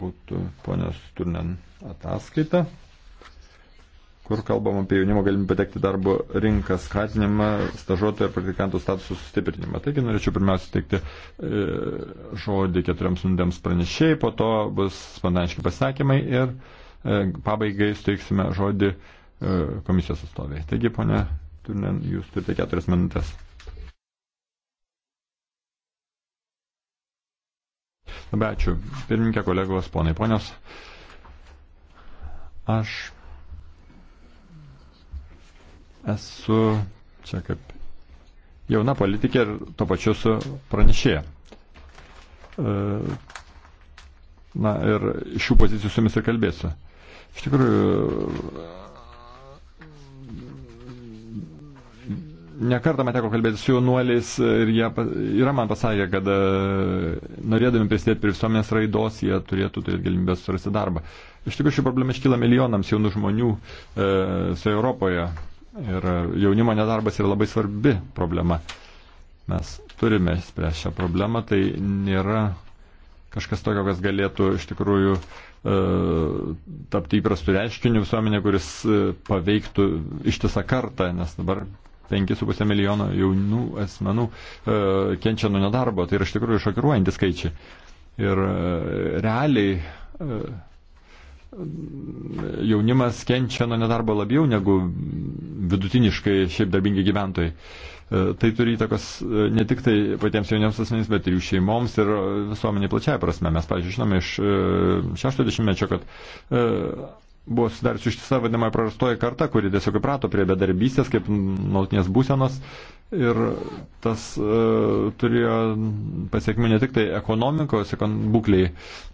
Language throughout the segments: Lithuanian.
būtų ponios Turnen ataskaita, kur kalbam apie jaunimo galimybę patekti darbo rinką skatinimą, stažuotojo ir praktikantų statusų sustiprinimą. Taigi norėčiau pirmiausia teikti e, žodį keturiams minutėms pranešėjai, po to bus spontaniški pasakymai ir e, pabaigai suteiksime žodį e, komisijos atstoviai. Taigi, ponia Turnen, jūs turite keturias minutės. Labai ačiū. Pirmininkė, kolegos, ponai, ponios. Aš esu čia kaip jauna politikė ir to pačiu su pranešėja. E, na ir šių pozicijų su jumis ir kalbėsiu. Iš tikrųjų, nekartą man teko kalbėti su jaunuoliais ir jie yra man pasakę, kad e, norėdami prisidėti prie visuomenės raidos, jie turėtų turėti galimybę surasti darbą. Iš tikrųjų, ši problema iškyla milijonams jaunų žmonių e, su Europoje ir e, jaunimo nedarbas yra labai svarbi problema. Mes turime spręsti šią problemą, tai nėra kažkas tokio, kas galėtų iš tikrųjų e, tapti įprastų reiškinių visuomenė, kuris paveiktų ištisą kartą, nes dabar 5,5 milijono jaunų asmenų e, kenčia nuo nedarbo. Tai yra iš tikrųjų šokiruojantys skaičiai. Ir e, realiai e, jaunimas kenčia nuo nedarbo labiau negu vidutiniškai šiaip darbingi gyventojai. E, tai turi įtakos e, ne tik tai patiems jauniems asmenys, bet ir jų šeimoms ir visuomeniai plačiaja prasme. Mes, pažiūrėjau, žinome iš 60-mečio, e, kad e, buvo sudariusi ištisa vadinama prarastoji karta, kuri tiesiog įprato prie bedarbystės kaip nuolatinės būsenos ir tas e, turėjo pasiekmių ne tik tai ekonomikos ekon, būkliai,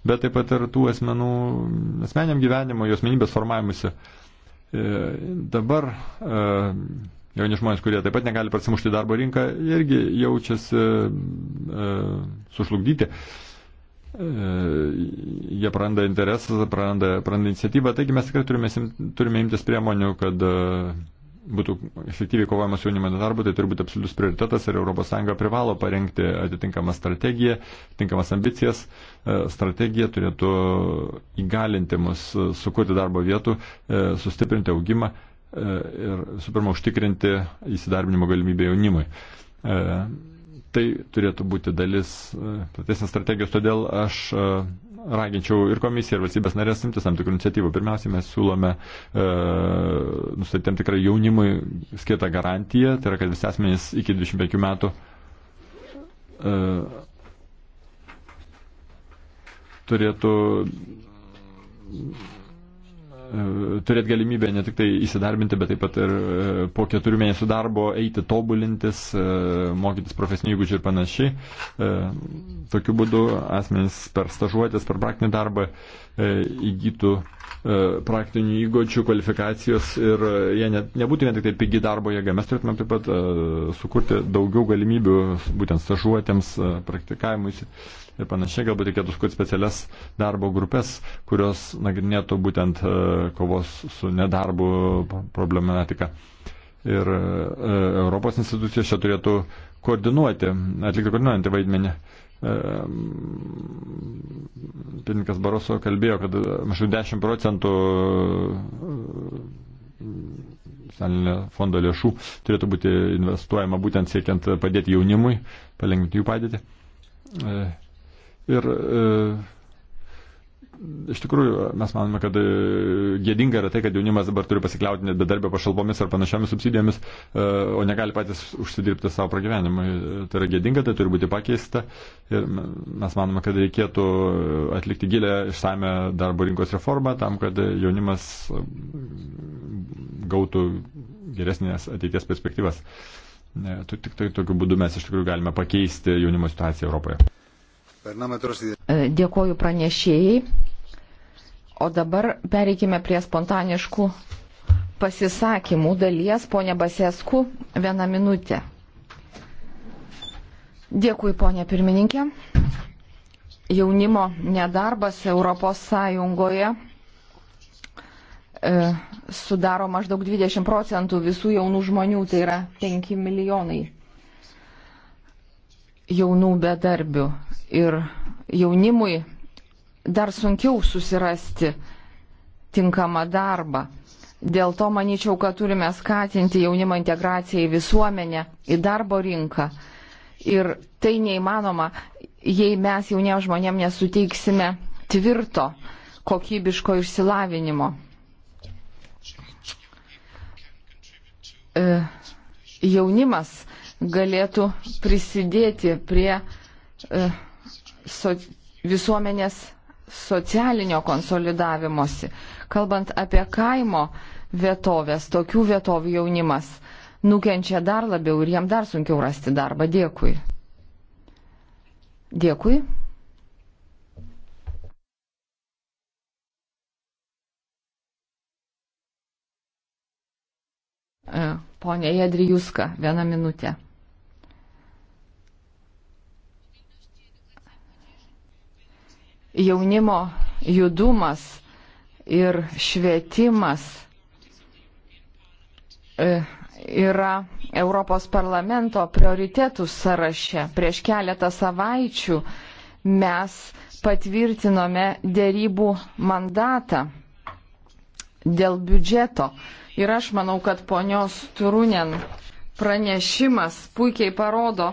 bet taip pat ir tų asmenų asmeniam gyvenimo, jos menybės formavimuose. E, dabar e, jauni žmonės, kurie taip pat negali prasimušti darbo rinką, irgi jaučiasi e, sužlugdyti. E, E, jie praranda interesą, praranda, praranda iniciatyvą, taigi mes tikrai turime, turime imtis priemonių, kad e, būtų efektyviai kovojama su jaunimo nedarbu, tai turi būti absoliutus prioritetas ir ES privalo parengti atitinkamą strategiją, atitinkamas ambicijas. E, strategija turėtų įgalinti mus sukurti darbo vietų, sustiprinti augimą ir, su pirma, užtikrinti įsidarbinimo galimybę jaunimui tai turėtų būti dalis e, platesnės strategijos, todėl aš e, raginčiau ir komisiją, ir valstybės narės imtis tam tikrų iniciatyvų. Pirmiausia, mes siūlome e, nustatyti tam tikrą jaunimui skirtą garantiją, tai yra, kad visi asmenys iki 25 metų e, turėtų E, turėti galimybę ne tik tai įsidarbinti, bet taip pat ir e, po keturių mėnesių darbo eiti tobulintis, e, mokytis profesinių įgūdžių ir panašiai. Tokiu būdu asmenys per stažuotės, per praktinį darbą įgytų praktinių įgūdžių, kvalifikacijos ir jie net, nebūtų vien tik tai pigi darbo jėga. Mes turėtume taip pat sukurti daugiau galimybių būtent stažuotėms, praktikavimuisi ir panašiai. Galbūt reikėtų sukurti specialias darbo grupės, kurios nagrinėtų būtent e, kovos su nedarbu problematiką. Ir e, Europos institucijos čia turėtų koordinuoti, atlikti koordinuojantį vaidmenį. E, Pirmininkas Baroso kalbėjo, kad maždaug 10 procentų socialinio fondo lėšų turėtų būti investuojama būtent siekiant padėti jaunimui, palengvinti jų padėtį. Ir e, iš tikrųjų mes manome, kad e, gėdinga yra tai, kad jaunimas dabar turi pasikliauti net bedarbio pašalpomis ar panašiomis subsidijomis, e, o negali patys užsidirbti savo pragyvenimą. Tai yra gėdinga, tai turi būti pakeista. Ir mes manome, kad reikėtų atlikti gilę išsame darbo rinkos reformą tam, kad jaunimas mm, gautų geresnės ateities perspektyvas. E, tik tai tokiu būdu mes iš tikrųjų galime pakeisti jaunimo situaciją Europoje. Dėkoju pranešėjai. O dabar pereikime prie spontaniškų pasisakymų dalies. Pone Basesku, vieną minutę. Dėkui, ponė pirmininkė. Jaunimo nedarbas ES e, sudaro maždaug 20 procentų visų jaunų žmonių, tai yra 5 milijonai jaunų bedarbių ir jaunimui dar sunkiau susirasti tinkamą darbą. Dėl to manyčiau, kad turime skatinti jaunimo integraciją į visuomenę, į darbo rinką. Ir tai neįmanoma, jei mes jauniems žmonėms nesuteiksime tvirto, kokybiško išsilavinimo. E, jaunimas galėtų prisidėti prie e, so, visuomenės socialinio konsolidavimosi. Kalbant apie kaimo vietovės, tokių vietovių jaunimas nukenčia dar labiau ir jam dar sunkiau rasti darbą. Dėkui. Dėkui. E, Pone Jedrijuska, vieną minutę. jaunimo judumas ir švietimas e, yra Europos parlamento prioritetų sąraše. Prieš keletą savaičių mes patvirtinome dėrybų mandatą dėl biudžeto. Ir aš manau, kad ponios Turūnien pranešimas puikiai parodo,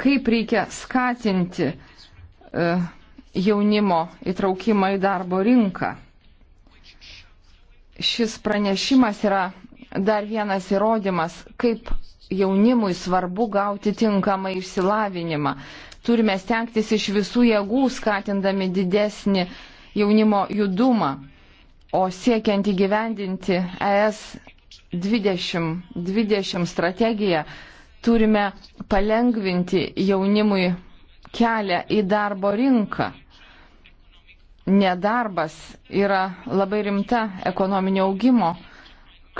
kaip reikia skatinti uh, jaunimo įtraukimą į darbo rinką. Šis pranešimas yra dar vienas įrodymas, kaip jaunimui svarbu gauti tinkamą išsilavinimą. Turime stengtis iš visų jėgų, skatindami didesnį jaunimo judumą, o siekiant įgyvendinti ES 2020 20 strategiją, turime palengvinti jaunimui kelią į darbo rinką nedarbas yra labai rimta ekonominio augimo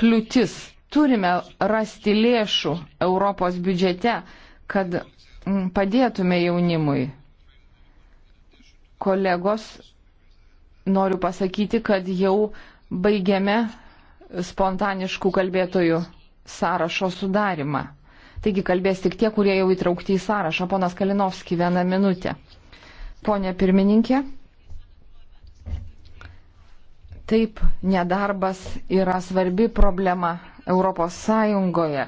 kliūtis. Turime rasti lėšų Europos biudžete, kad mm, padėtume jaunimui. Kolegos, noriu pasakyti, kad jau baigiame spontaniškų kalbėtojų sąrašo sudarimą. Taigi kalbės tik tie, kurie jau įtraukti į sąrašą. Ponas Kalinovski, vieną minutę. Pone pirmininkė. Taip, nedarbas yra svarbi problema Europos Sąjungoje,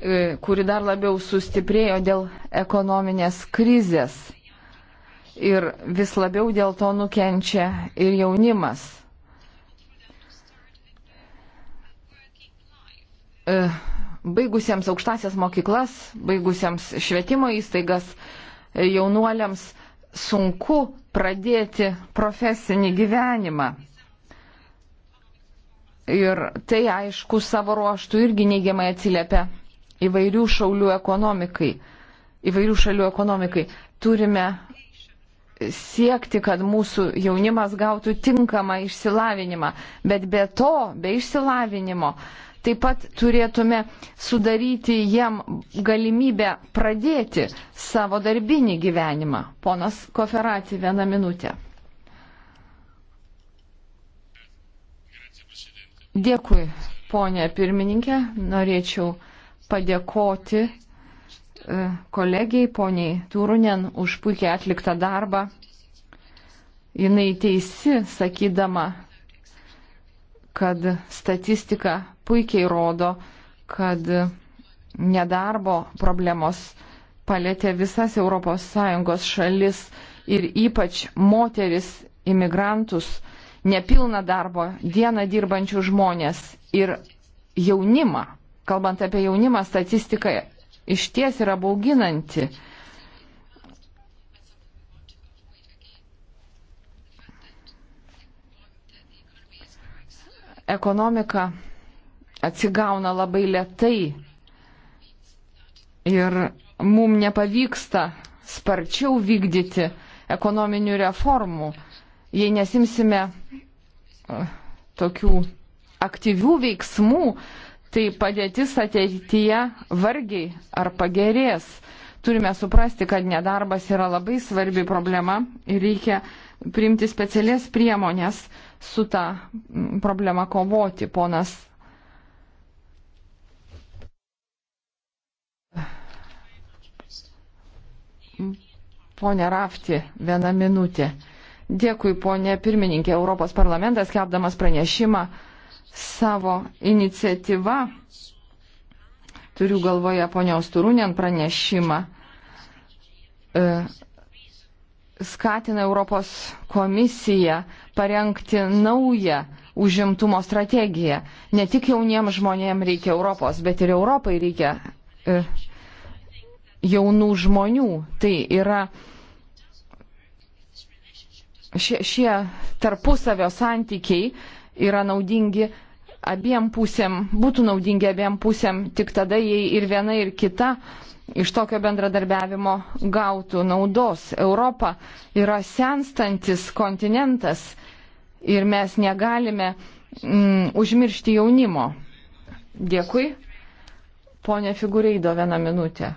e, kuri dar labiau sustiprėjo dėl ekonominės krizės. Ir vis labiau dėl to nukenčia ir jaunimas. E, baigusiems aukštasias mokyklas, baigusiems švietimo įstaigas, e, jaunuoliams sunku pradėti profesinį gyvenimą. Ir tai aišku savo ruoštų irgi neigiamai atsiliepia įvairių, ekonomikai, įvairių šalių ekonomikai. Turime siekti, kad mūsų jaunimas gautų tinkamą išsilavinimą, bet be to, be išsilavinimo, taip pat turėtume sudaryti jiem galimybę pradėti savo darbinį gyvenimą. Ponas Koferati, vieną minutę. Dėkui, ponė pirmininkė. Norėčiau padėkoti e, kolegijai, poniai Turunen, už puikiai atliktą darbą. Jinai teisi, sakydama, kad statistika puikiai rodo, kad nedarbo problemos palėtė visas ES šalis ir ypač moteris imigrantus nepilną darbo dieną dirbančių žmonės ir jaunimą. Kalbant apie jaunimą, statistika iš ties yra bauginanti. Ekonomika atsigauna labai lietai ir mums nepavyksta sparčiau vykdyti ekonominių reformų, jei nesimsime tokių aktyvių veiksmų, tai padėtis ateityje vargiai ar pagerės. Turime suprasti, kad nedarbas yra labai svarbi problema ir reikia priimti specialės priemonės su tą problemą kovoti. Ponas Pone Rafti, vieną minutę. Dėkui, ponė pirmininkė, Europos parlamentas, kepdamas pranešimą savo iniciatyvą, turiu galvoje ponios Turūnien pranešimą, e, skatina Europos komisiją parengti naują užimtumo strategiją. Ne tik jauniems žmonėms reikia Europos, bet ir Europai reikia e, jaunų žmonių. Tai yra šie, šie tarpusavio santykiai yra naudingi abiem pusėm, būtų naudingi abiem pusėm tik tada, jei ir viena ir kita iš tokio bendradarbiavimo gautų naudos. Europa yra senstantis kontinentas ir mes negalime mm, užmiršti jaunimo. Dėkui. Pone Figureido, vieną minutę.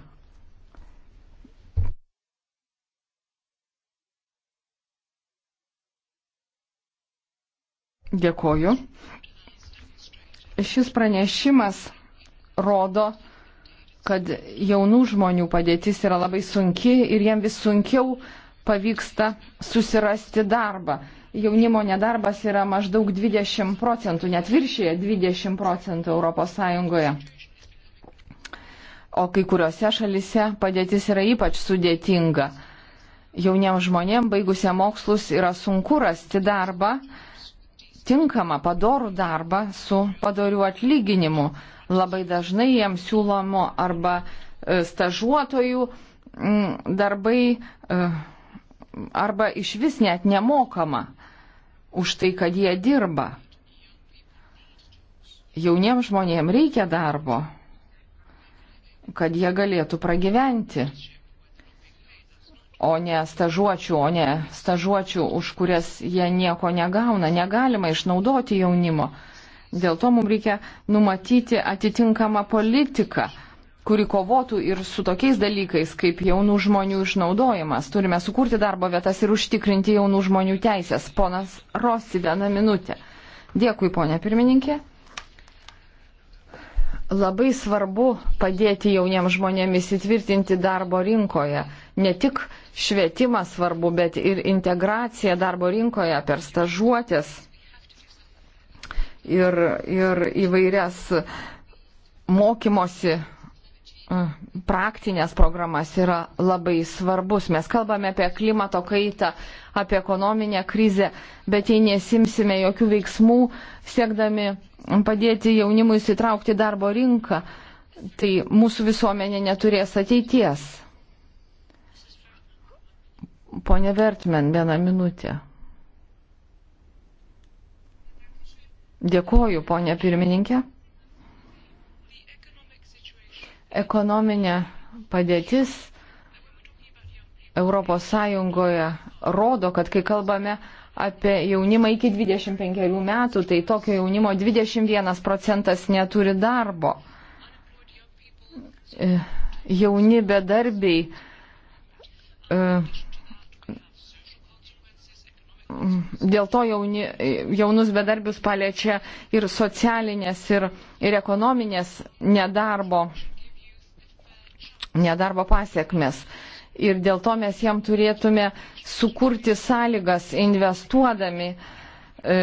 Dėkoju. Šis pranešimas rodo, kad jaunų žmonių padėtis yra labai sunki ir jiem vis sunkiau pavyksta susirasti darbą. Jaunimo nedarbas yra maždaug 20 procentų, net viršyje 20 procentų ES. O kai kuriuose šalise padėtis yra ypač sudėtinga. Jauniems žmonėms baigusia mokslus yra sunku rasti darbą tinkamą, padorų darbą su padoriu atlyginimu. Labai dažnai jiems siūlomo arba e, stažuotojų darbai e, arba iš vis net nemokama už tai, kad jie dirba. Jauniems žmonėms reikia darbo, kad jie galėtų pragyventi o ne stažuočių, o ne stažuočių, už kurias jie nieko negauna. Negalima išnaudoti jaunimo. Dėl to mums reikia numatyti atitinkamą politiką, kuri kovotų ir su tokiais dalykais, kaip jaunų žmonių išnaudojimas. Turime sukurti darbo vietas ir užtikrinti jaunų žmonių teisės. Ponas Rosi, vieną minutę. Dėkui, ponė pirmininkė. Labai svarbu padėti jauniems žmonėmis įtvirtinti darbo rinkoje ne tik švietimas svarbu, bet ir integracija darbo rinkoje per stažuotės ir, ir įvairias mokymosi mm, praktinės programas yra labai svarbus. Mes kalbame apie klimato kaitą, apie ekonominę krizę, bet jei nesimsime jokių veiksmų, siekdami padėti jaunimui įsitraukti darbo rinką, tai mūsų visuomenė neturės ateities. Pone Vertmen, vieną minutę. Dėkoju, ponė pirmininkė. Ekonominė padėtis Europos Sąjungoje rodo, kad kai kalbame apie jaunimą iki 25 metų, tai tokio jaunimo 21 procentas neturi darbo. E, jauni bedarbiai. E, dėl to jauni, jaunus bedarbius paliečia ir socialinės, ir, ir ekonominės nedarbo, nedarbo pasiekmes. Ir dėl to mes jam turėtume sukurti sąlygas investuodami e,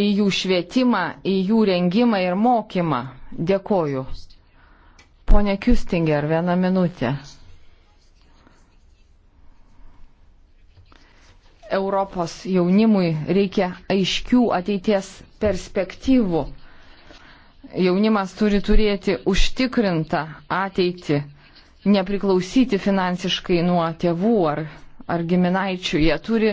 į jų švietimą, į jų rengimą ir mokymą. Dėkoju. Pone Kustinger, vieną minutę. Europos jaunimui reikia aiškių ateities perspektyvų. Jaunimas turi turėti užtikrintą ateitį, nepriklausyti finansiškai nuo tėvų ar, ar giminaičių. Jie turi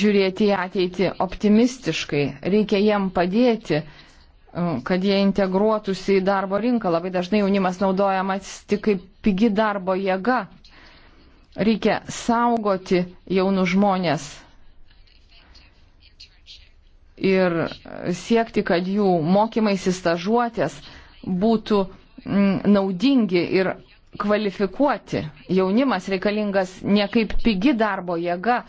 žiūrėti į ateitį optimistiškai, reikia jiem padėti, um, kad jie integruotųsi į darbo rinką. Labai dažnai jaunimas naudojamas tik kaip pigi darbo jėga. Reikia saugoti jaunus žmonės ir siekti, kad jų mokymaisi stažuotės būtų mm, naudingi ir kvalifikuoti. Jaunimas reikalingas ne kaip pigi darbo jėga,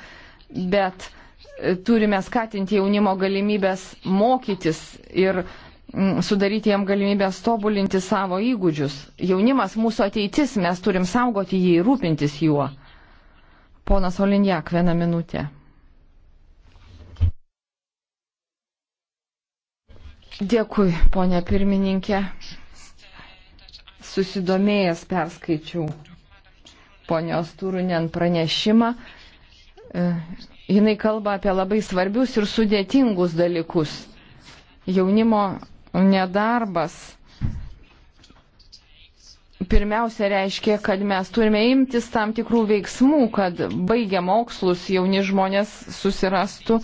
bet e, turime skatinti jaunimo galimybės mokytis ir mm, sudaryti jam galimybės tobulinti savo įgūdžius. Jaunimas mūsų ateitis, mes turim saugoti jį ir rūpintis juo. Ponas Olinjak, vieną minutę. Dėkui, ponė pirmininkė. Susidomėjęs perskaičiau ponios Turunien pranešimą. E, jinai kalba apie labai svarbius ir sudėtingus dalykus. Jaunimo nedarbas pirmiausia reiškia, kad mes turime imtis tam tikrų veiksmų, kad baigę mokslus jauni žmonės susirastų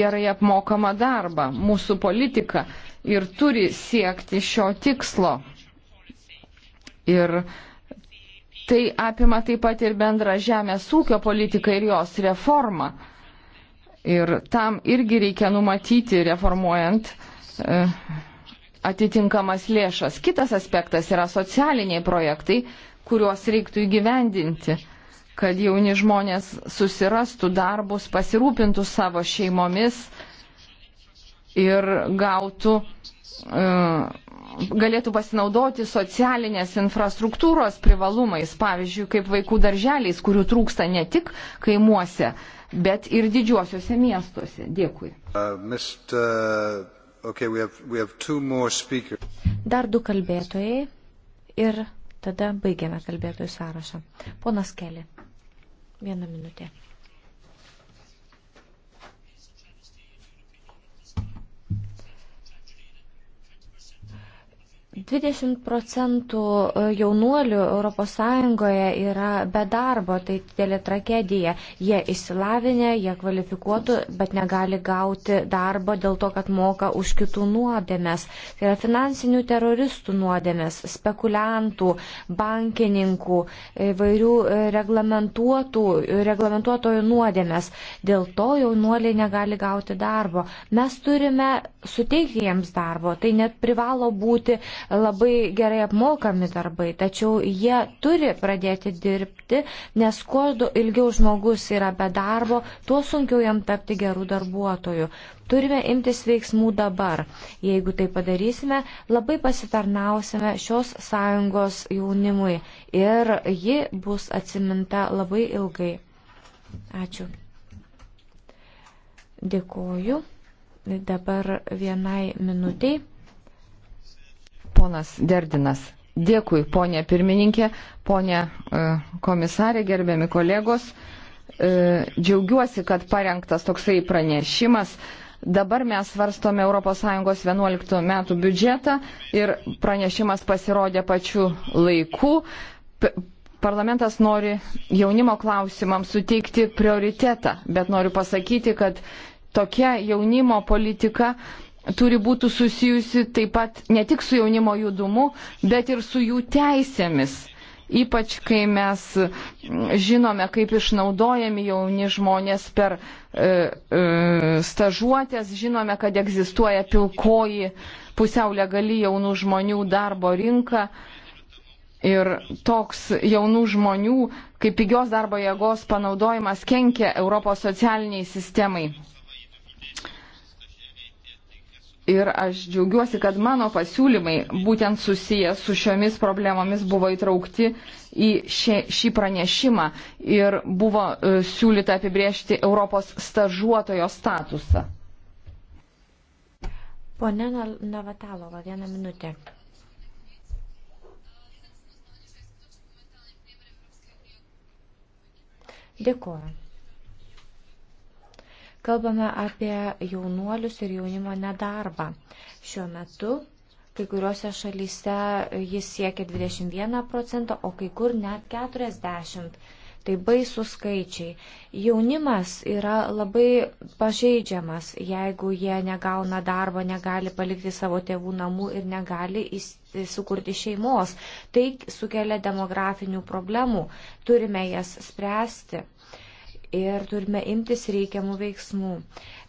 gerai apmokamą darbą. Mūsų politika ir turi siekti šio tikslo. Ir tai apima taip pat ir bendrą žemės ūkio politiką ir jos reformą. Ir tam irgi reikia numatyti reformuojant. E, atitinkamas lėšas. Kitas aspektas yra socialiniai projektai, kuriuos reiktų įgyvendinti, kad jauni žmonės susirastų darbus, pasirūpintų savo šeimomis ir gautų, e, galėtų pasinaudoti socialinės infrastruktūros privalumais, pavyzdžiui, kaip vaikų darželiais, kurių trūksta ne tik kaimuose, bet ir didžiuosiuose miestuose. Dėkui. Uh, Mr. Okay, we have, we have Dar du kalbėtojai ir tada baigiame kalbėtojų sąrašą. Ponas Keli, vieną minutę. 20 procentų e, jaunuolių ES yra be darbo, tai didelė tragedija. Jie įsilavinę, jie kvalifikuotų, bet negali gauti darbo dėl to, kad moka už kitų nuodėmės. Tai yra finansinių teroristų nuodėmės, spekuliantų, bankininkų, vairių e, reglamentuotojų nuodėmės. Dėl to jaunuoliai negali gauti darbo. Mes turime suteikti jiems darbo. Tai net privalo būti labai gerai apmokami darbai, tačiau jie turi pradėti dirbti, nes kuo ilgiau žmogus yra be darbo, tuo sunkiau jam tapti gerų darbuotojų. Turime imtis veiksmų dabar. Jeigu tai padarysime, labai pasitarnausime šios sąjungos jaunimui ir ji bus atsiminta labai ilgai. Ačiū. Dėkoju. Dabar vienai minutiai. Ponas Derdinas. Dėkui, ponė pirmininkė, ponė e, komisarė, gerbiami kolegos. E, džiaugiuosi, kad parengtas toksai pranešimas. Dabar mes svarstome ES 11 metų biudžetą ir pranešimas pasirodė pačiu laiku. Parlamentas nori jaunimo klausimams suteikti prioritetą, bet noriu pasakyti, kad tokia jaunimo politika uh, turi būti susijusi taip pat ne tik su jaunimo judumu, bet ir su jų teisėmis. Ypač kai mes žinome, kaip išnaudojami jauni žmonės per e, e, stažuotės, žinome, kad egzistuoja pilkoji pusiau legali jaunų žmonių darbo rinka. Ir toks jaunų žmonių, kaip pigios darbo jėgos panaudojimas kenkia Europos socialiniai sistemai. Ir aš džiaugiuosi, kad mano pasiūlymai būtent susijęs su šiomis problemomis buvo įtraukti į šį, šį pranešimą ir buvo uh, siūlyta apibriežti Europos stažuotojo statusą. Pone Navatalova, vieną minutę. Dėkuoju. Kalbame apie jaunuolius ir jaunimo nedarbą. Šiuo metu kai kuriuose šalyse jis siekia 21 procentą, o kai kur net 40. Tai baisų skaičiai. Jaunimas yra labai pažeidžiamas, jeigu jie negauna darbo, negali palikti savo tėvų namų ir negali sukurti šeimos. Tai sukelia demografinių problemų. Turime jas spręsti ir turime imtis reikiamų veiksmų.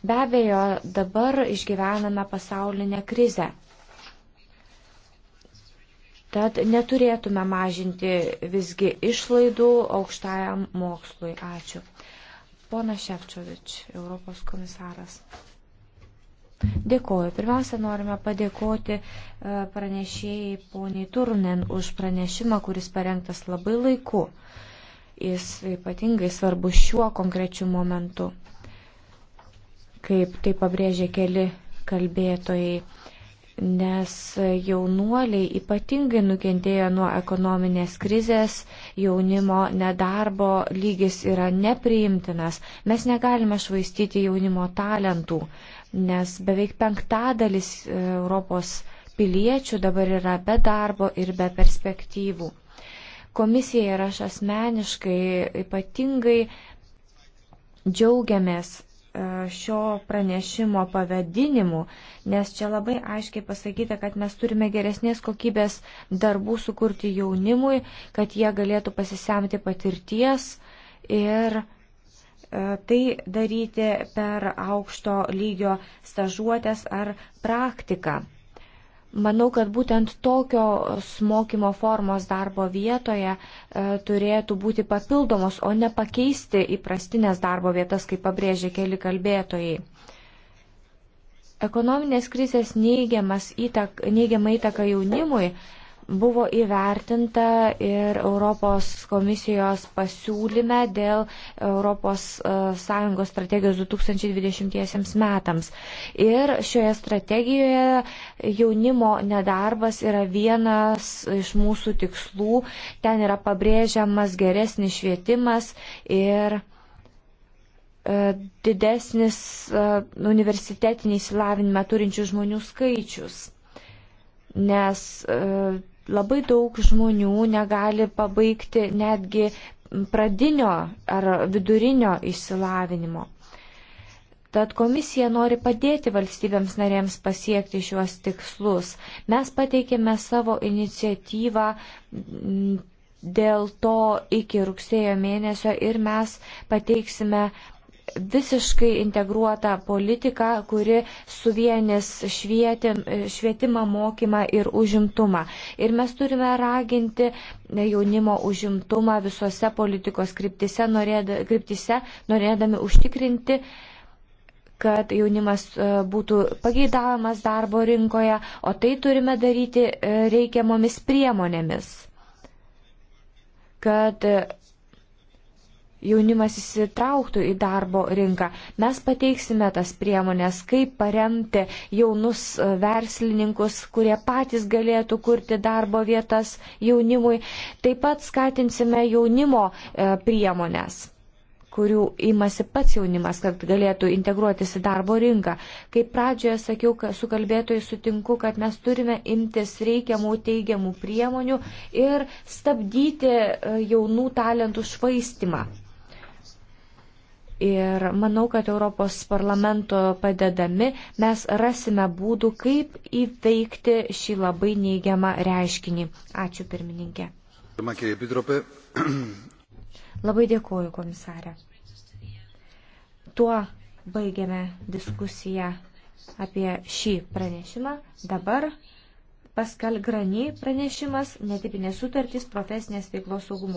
Be abejo, dabar išgyvename pasaulinę krizę. Tad neturėtume mažinti visgi išlaidų aukštajam mokslui. Ačiū. Pona Ševčiovič, Europos komisaras. Dėkoju. Pirmiausia, norime padėkoti e, pranešėjai poniai Turunen už pranešimą, kuris parengtas labai laiku. Jis ypatingai svarbus šiuo konkrečiu momentu, kaip tai pabrėžė keli kalbėtojai, nes jaunuoliai ypatingai nukentėjo nuo ekonominės krizės, jaunimo nedarbo lygis yra nepriimtinas. Mes negalime švaistyti jaunimo talentų, nes beveik penktadalis e, Europos piliečių dabar yra be darbo ir be perspektyvų. Komisija ir aš asmeniškai ypatingai džiaugiamės e, šio pranešimo pavadinimu, nes čia labai aiškiai pasakyta, kad mes turime geresnės kokybės darbų sukurti jaunimui, kad jie galėtų pasisemti patirties ir e, tai daryti per aukšto lygio stažuotės ar praktiką. Manau, kad būtent tokios mokymo formos darbo vietoje e, turėtų būti papildomos, o ne pakeisti įprastinės darbo vietas, kaip pabrėžė keli kalbėtojai. Ekonominės krizės neigiamą įtaką jaunimui buvo įvertinta ir Europos komisijos pasiūlyme dėl ES e, strategijos 2020 metams. Ir šioje strategijoje jaunimo nedarbas yra vienas iš mūsų tikslų. Ten yra pabrėžiamas geresnis švietimas ir e, didesnis e, universitetinį įsilavinimą turinčių žmonių skaičius. Nes Labai daug žmonių negali pabaigti netgi pradinio ar vidurinio išsilavinimo. Tad komisija nori padėti valstybėms narėms pasiekti šiuos tikslus. Mes pateikėme savo iniciatyvą dėl to iki rugsėjo mėnesio ir mes pateiksime visiškai integruotą politiką, kuri suvienis švietim, švietimą, mokymą ir užimtumą. Ir mes turime raginti jaunimo užimtumą visose politikos kryptise, norėda, kryptise norėdami užtikrinti kad jaunimas e, būtų pageidavimas darbo rinkoje, o tai turime daryti e, reikiamomis priemonėmis, kad e, jaunimas įsitrauktų į darbo rinką. Mes pateiksime tas priemonės, kaip paremti jaunus e, verslininkus, kurie patys galėtų kurti darbo vietas jaunimui. Taip pat skatinsime jaunimo e, priemonės kurių imasi pats jaunimas, kad galėtų integruotis į darbo rinką. Kaip pradžioje sakiau, su kalbėtojai sutinku, kad mes turime imtis reikiamų teigiamų priemonių ir stabdyti e, jaunų talentų švaistimą. Ir manau, kad Europos parlamento padedami mes rasime būdų, kaip įveikti šį labai neigiamą reiškinį. Ačiū pirmininkė. Labai dėkuoju, komisarė. Tuo baigiame diskusiją apie šį pranešimą. Dabar Paskal Grani pranešimas, netipinės sutartys profesinės veiklos saugumo.